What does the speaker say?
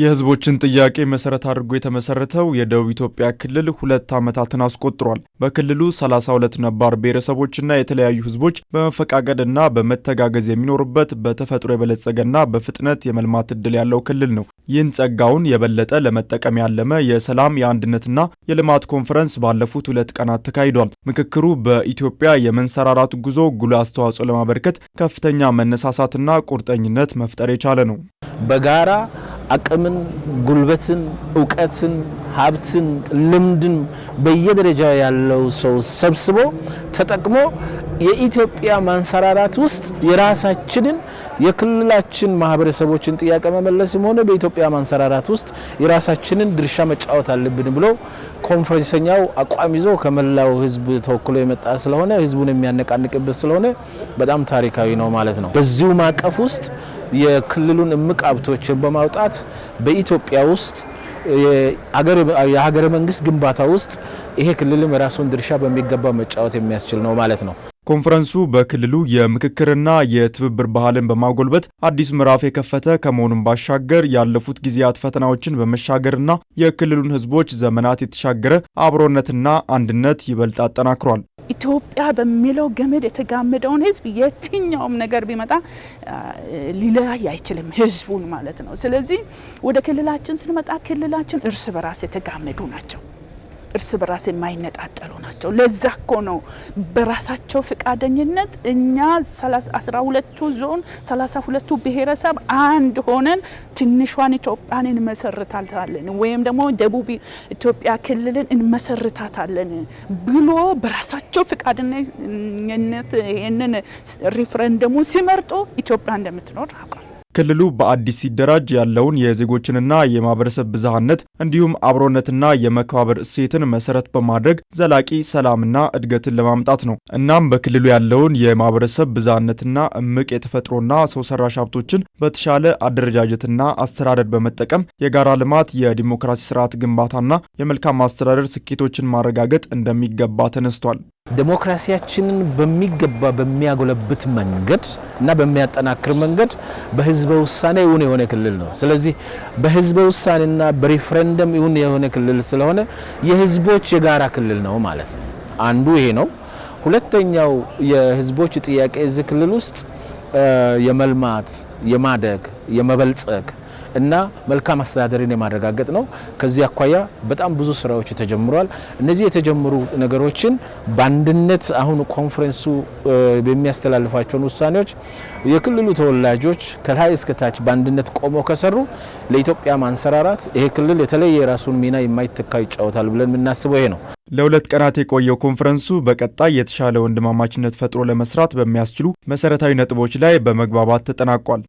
የህዝቦችን ጥያቄ መሰረት አድርጎ የተመሰረተው የደቡብ ኢትዮጵያ ክልል ሁለት ዓመታትን አስቆጥሯል። በክልሉ 32 ነባር ብሔረሰቦችና የተለያዩ ህዝቦች በመፈቃቀድና በመተጋገዝ የሚኖሩበት በተፈጥሮ የበለጸገና በፍጥነት የመልማት እድል ያለው ክልል ነው። ይህን ጸጋውን የበለጠ ለመጠቀም ያለመ የሰላም የአንድነትና የልማት ኮንፈረንስ ባለፉት ሁለት ቀናት ተካሂዷል። ምክክሩ በኢትዮጵያ የመንሰራራት ጉዞ ጉልህ አስተዋጽኦ ለማበርከት ከፍተኛ መነሳሳትና ቁርጠኝነት መፍጠር የቻለ ነው። በጋራ አቅምን፣ ጉልበትን፣ እውቀትን፣ ሀብትን፣ ልምድን በየደረጃ ያለው ሰው ሰብስቦ ተጠቅሞ የኢትዮጵያ ማንሰራራት ውስጥ የራሳችንን የክልላችን ማህበረሰቦችን ጥያቄ መመለስም ሆነ በኢትዮጵያ ማንሰራራት ውስጥ የራሳችንን ድርሻ መጫወት አለብን ብሎ ኮንፈረንሰኛው አቋም ይዞ ከመላው ህዝብ ተወክሎ የመጣ ስለሆነ ህዝቡን የሚያነቃንቅበት ስለሆነ በጣም ታሪካዊ ነው ማለት ነው። በዚሁ ማዕቀፍ ውስጥ የክልሉን እምቅ ሀብቶችን በማውጣት በኢትዮጵያ ውስጥ የሀገረ መንግስት ግንባታ ውስጥ ይሄ ክልልም የራሱን ድርሻ በሚገባ መጫወት የሚያስችል ነው ማለት ነው። ኮንፈረንሱ በክልሉ የምክክርና የትብብር ባህልን በማጎልበት አዲስ ምዕራፍ የከፈተ ከመሆኑም ባሻገር ያለፉት ጊዜያት ፈተናዎችን በመሻገርና የክልሉን ሕዝቦች ዘመናት የተሻገረ አብሮነትና አንድነት ይበልጥ አጠናክሯል። ኢትዮጵያ በሚለው ገመድ የተጋመደውን ህዝብ የትኛውም ነገር ቢመጣ ሊለያይ አይችልም፣ ህዝቡን ማለት ነው። ስለዚህ ወደ ክልላችን ስንመጣ ክልላችን እርስ በራስ የተጋመዱ ናቸው። እርስ በራስ የማይነጣጠሉ ናቸው። ለዛ እኮ ነው በራሳቸው ፍቃደኝነት እኛ አስራ ሁለቱ ዞን ሰላሳ ሁለቱ ብሔረሰብ አንድ ሆነን ትንሿን ኢትዮጵያን እንመሰርታታለን ወይም ደግሞ ደቡብ ኢትዮጵያ ክልልን እንመሰርታታለን ብሎ በራሳቸው ፍቃደኝነት ይህንን ሪፍረንደሙ ሲመርጡ ኢትዮጵያ እንደምትኖር አውቃል። ክልሉ በአዲስ ሲደራጅ ያለውን የዜጎችንና የማህበረሰብ ብዝሃነት እንዲሁም አብሮነትና የመከባበር እሴትን መሰረት በማድረግ ዘላቂ ሰላምና እድገትን ለማምጣት ነው። እናም በክልሉ ያለውን የማህበረሰብ ብዝሃነትና እምቅ የተፈጥሮና ሰው ሰራሽ ሀብቶችን በተሻለ አደረጃጀትና አስተዳደር በመጠቀም የጋራ ልማት፣ የዲሞክራሲ ስርዓት ግንባታና የመልካም አስተዳደር ስኬቶችን ማረጋገጥ እንደሚገባ ተነስቷል። ዴሞክራሲያችንን በሚገባ በሚያጎለብት መንገድ እና በሚያጠናክር መንገድ በህዝበ ውሳኔ ይሁን የሆነ ክልል ነው። ስለዚህ በህዝበ ውሳኔና በሪፍረንደም ይሁን የሆነ ክልል ስለሆነ የህዝቦች የጋራ ክልል ነው ማለት ነው። አንዱ ይሄ ነው። ሁለተኛው የህዝቦች ጥያቄ እዚህ ክልል ውስጥ የመልማት የማደግ የመበልጸግ እና መልካም አስተዳደርን የማረጋገጥ ነው። ከዚህ አኳያ በጣም ብዙ ስራዎች ተጀምረዋል። እነዚህ የተጀመሩ ነገሮችን በአንድነት አሁን ኮንፈረንሱ የሚያስተላልፋቸውን ውሳኔዎች የክልሉ ተወላጆች ከላይ እስከታች በአንድነት ቆመው ከሰሩ ለኢትዮጵያ ማንሰራራት ይሄ ክልል የተለየ የራሱን ሚና የማይተካ ይጫወታል ብለን የምናስበው ይሄ ነው። ለሁለት ቀናት የቆየው ኮንፈረንሱ በቀጣይ የተሻለ ወንድማማችነት ፈጥሮ ለመስራት በሚያስችሉ መሰረታዊ ነጥቦች ላይ በመግባባት ተጠናቋል።